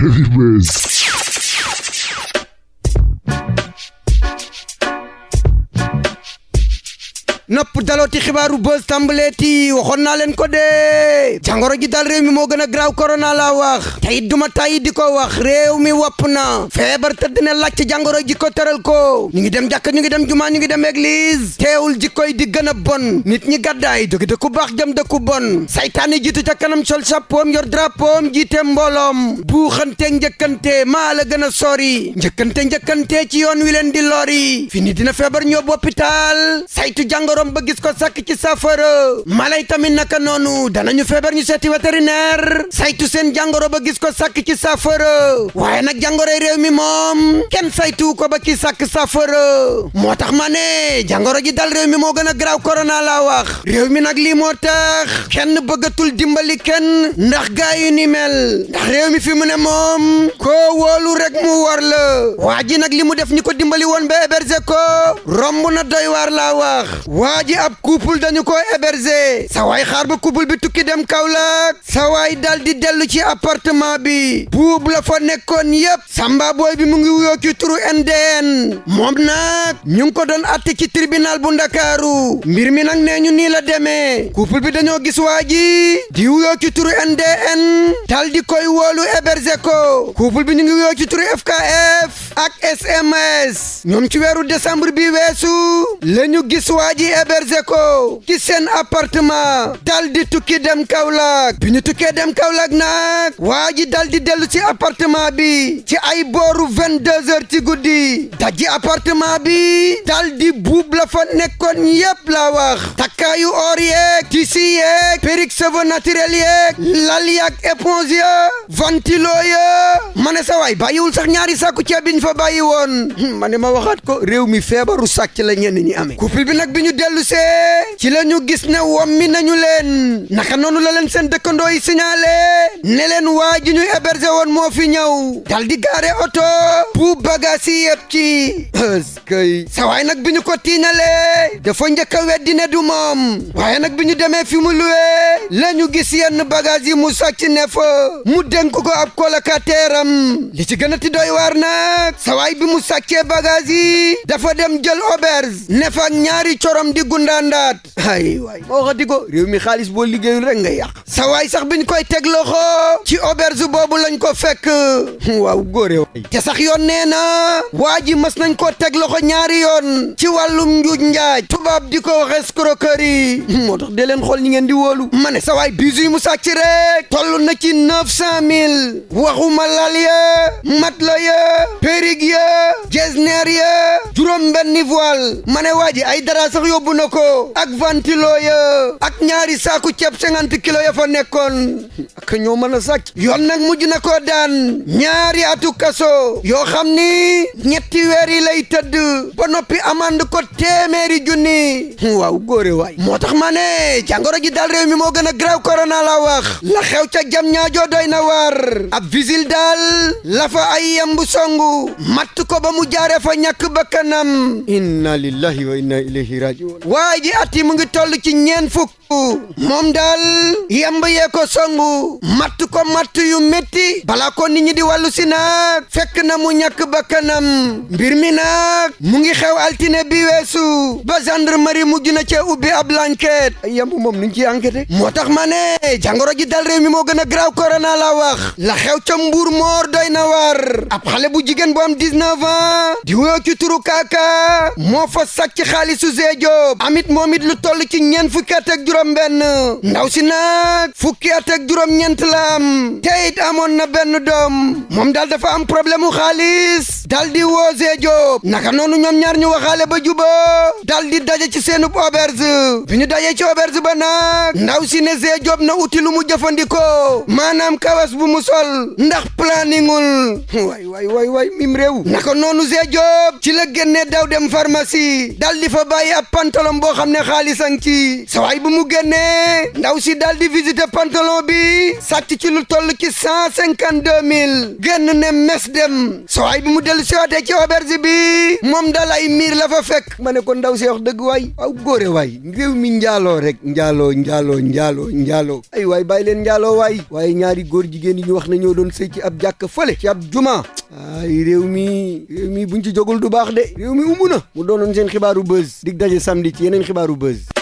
Heavyweight nopp dalooti xibaaru buzz tàmbaleeti waxoon naa leen ko dee jàngoro ji dal réew moo gën a graaw korona laa wax te it duma di ko wax réew mi wopp na feebar tëdd na laaj ci jàngoro ji ko tëral ko ñu ngi dem jàkk ñu ngi dem jumaa ñu ngi dem église teewul jikkoy di gën a bon nit ñi gàddaay jóge dëkku baax jëm dëkku bon saytaane jiitu ca kanam sol sapom yor drapom jiite mbooloom buuxante njëkkante maa la gën a sori njëkkante njëkkante ci yoon wi leen di lori fini dina feebar ñoo hôpital saytu jàngoro xorom ba gis ko sàkk ci saafara mala yi tamit naka noonu danañu feebar ñu seeti vétérinaire saytu seen jàngoro ba gis ko sàkk ci saafara waaye nag jàngoroy réew mi moom kenn saytuwu ko ba ci sàkk saafara moo tax ma ne jàngoro ji dal réew mi moo gën a garaaw corona laa wax réew mi nag lii moo tax kenn bëggatul dimbali kenn ndax gaa yu ni mel ndax réew fi mu ne moom koo wóolu rek mu war la ji nag li mu def ñi ko dimbali woon ba héberger ko romb na doy waar laa wax waa ji ab ko héberger sa waay xaar ba couple bi tukki dem Kaolack sa waay di dellu ci appartement bi buub la fa nekkoon yépp samba bi mu ngi wuyoo ci turu NDN moom nag ñu ngi ko doon atte ci tribunal bu ndakaaru mbir mi nag nee ñu nii la demee couple bi dañoo gis waa ji di wuyoo ci turu NDN dal di koy woolu héberger ko couple bi ñu ngi wuyoo ci turu FKF ak SMS ñoom ci weeru bi weesu la ñu gis héberger ko ci seen appartement dal di tukki dem Kaolack bi ñu tukkee dem Kaolack nag waa ji dal di dellu ci appartement bi ci ay booru vingt-deux heures ci guddi dajji appartement bi dal di buub la fa nekkoon yépp la wax takkaayu or yeeg tissu yeeg perruque cheveux naturel yeeg lal yaag éponge ya ventilo ya ma ne sa sax ñaari sàkku ceeb bi ñu fa bàyyi woon ma ne ma waxaat ko réew mi feebaru sàcc la ñenn ñi amee dellu se ci la ñu gis ne wommi nañu leen naka noonu la leen seen dëkkandoo yi signalé ne leen waa ji ñu hébergé woon moo fi ñëw dal di gaare oto bu bagage yi yëpp ci sa waaye nag bi ñu ko tiinalee dafa njëkk a weddi ne du moom waaye nag bi ñu demee fi mu luwee la ñu gis yenn bagage yi mu sàcc nefa mu dénk ko ab colocataire am li ci gën a ti doy waar nag sa bi mu sàccee bagage dafa dem jël auberge ne ñaari corom borom diggu ndaandaat ay waay moo waxati ko réew mi xaalis boo liggéeyul rek nga yàq sa waay sax biñ koy teg loxo ci auberge boobu lañ ko fek waaw góore waay te sax yoon nee na waa ji mas nañ koo teg loxo ñaari yoon ci wàllum njuuj njaaj tubaab di ko wax escroquerie moo tax dee leen xool ñi ngeen di wóolu ma ne sa waay bisu mu sàcc rek toll na ci neuf cent mille waxuma lal ya matla ya périg ya jesner ya juróom benni voile ma ne waa ji ay dara sax yo yóbbu na ko ak ventilo ak ñaari saaku ceeb cinquante kilos ya fa nekkoon ak ñoo mën a sàcc yoon nag mujj na koo daan ñaari atu kaso yoo xam ni ñetti weer yi lay tëdd ba noppi amande ko téeméeri junni waaw góore waay moo tax ma ne jàngoro ji daal réew mi moo gën a graw korona la wax la xew ca jam ñaajoo na war ab visil daal la fa ay yembu matt ko ba mu jaare fa ñàkk bakkanam inna lillahi wa inna ilayhi rajiun waa ji at mu ngi toll ci ñeen fukk moom daal yemb yee ko songu matt ko matt yu métti bala ko nit ñi di wàllu si naag fekk na mu ñàkk bakkanam mbir mi naag mu ngi xew altine bi weesu ba gendarmerie mujj na cee ubbi ab enquête yemb moom nuñ ci enquête moo tax ma ne jàngoro ji dal réew mi moo gën a graaw korona la wax la xew ca mbuur moor doy na war ab xale jigéen bu am 19 di wéyoo kaaka moo fa sàcc xaalisu seejo Diop amit moom it lu toll ci ñeent fukki at juróom-benn ndaw si nag fukki at ak juróom-ñeent la am amoon na benn doom moom daal dafa am problème mu xaalis daal di woosee Diop naka noonu ñoom ñaar ñu waxaale ba jubóo daal di daje ci seenub auberge bi ñu dajee ci auberge ba nag ndaw si ne see Diop na uti lu mu jëfandikoo maanaam kawas bu mu sol ndax planningul waay waay waay waay réew naka noonu see ci la génnee daw dem pharmacie fa bàyyi ab pantalon boo xam ne xaalis a ci sawaay bu mu génnee ndaw si daal di visiter pantalon bi sàcc ci lu toll ci cent cinquante deux mille génn ne mes dem sawaay bu mu dellu si waatee ci auberge bi moom daal ay miir la fa fekk ma ne ko ndaw si wax dëgg waay aw góore waay réew mi njaaloo rek njaaloo njaaloo njaaloo njaaloo ay waay bàyyi leen njaaloo waay waaye ñaari góor jigéen yi ñu wax ne ñoo doon sëy ci ab jàkk fële ci ab juma ay réew mi réew mi buñ ci jógul du baax de réew mi umbu na mu doonoon seen xibaaru buzz dig daje sam samedi ci yeneen xibaaru buzz.